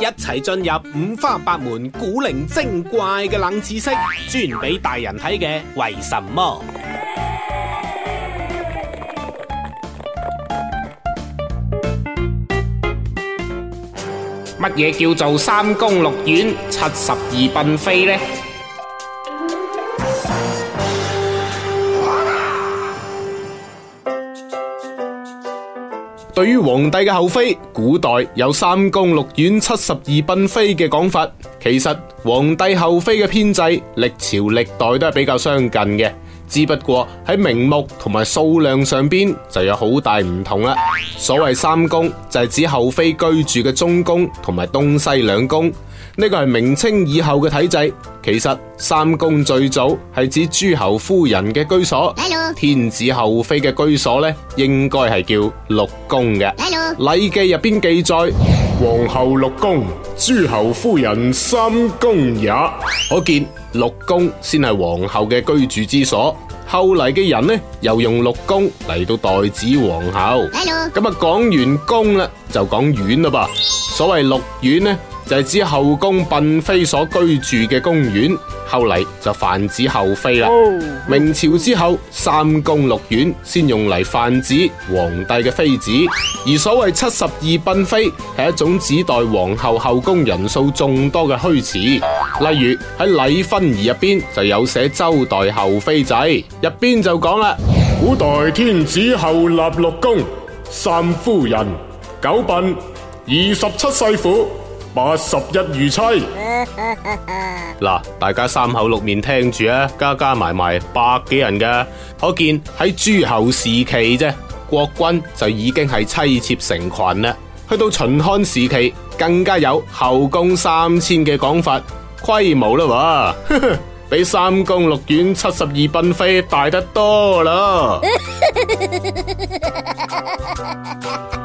一齊進入五花八門古靈精怪嘅冷知識，專俾大人睇嘅。為什麼？乜嘢叫做三宮六院七十二嬪妃呢？對於皇帝嘅后妃，古代有三宮六院七十二嬪妃嘅講法，其實皇帝后妃嘅編制，歷朝歷代都係比較相近嘅。只不過喺名目同埋數量上邊就有好大唔同啦。所謂三宮，就係指后妃居住嘅中宮同埋東西兩宮，呢個係明清以後嘅體制。其實三宮最早係指諸侯夫人嘅居所，Hello. 天子后妃嘅居所呢，應該係叫六宮嘅。Hello. 禮記記載《禮記》入邊記載。皇后六宮，諸侯夫人三宮也。可見六宮先係皇后嘅居住之所，後嚟嘅人呢，又用六宮嚟到代指皇后。咁啊，講完宮啦，就講院啦噃。所謂六院呢？就係指後宮嬪妃所居住嘅宮院，後嚟就泛指後妃啦。Oh. 明朝之後，三宮六院先用嚟泛指皇帝嘅妃子，而所謂七十二嬪妃係一種指代皇后後宮人數眾多嘅虛詞。例如喺《禮昏義》入邊就有寫周代后妃制，入邊就講啦，古代天子后立六宮，三夫人，九嬪，二十七世婦。八十一如妻。嗱， 大家三口六面聽住啊，加加埋埋百幾人嘅，可見喺諸侯時期啫，國君就已經係妻妾成群啦。去到秦漢時期，更加有後宮三千嘅講法，規模啦，喎 比三宮六院七十二嬪妃大得多啦。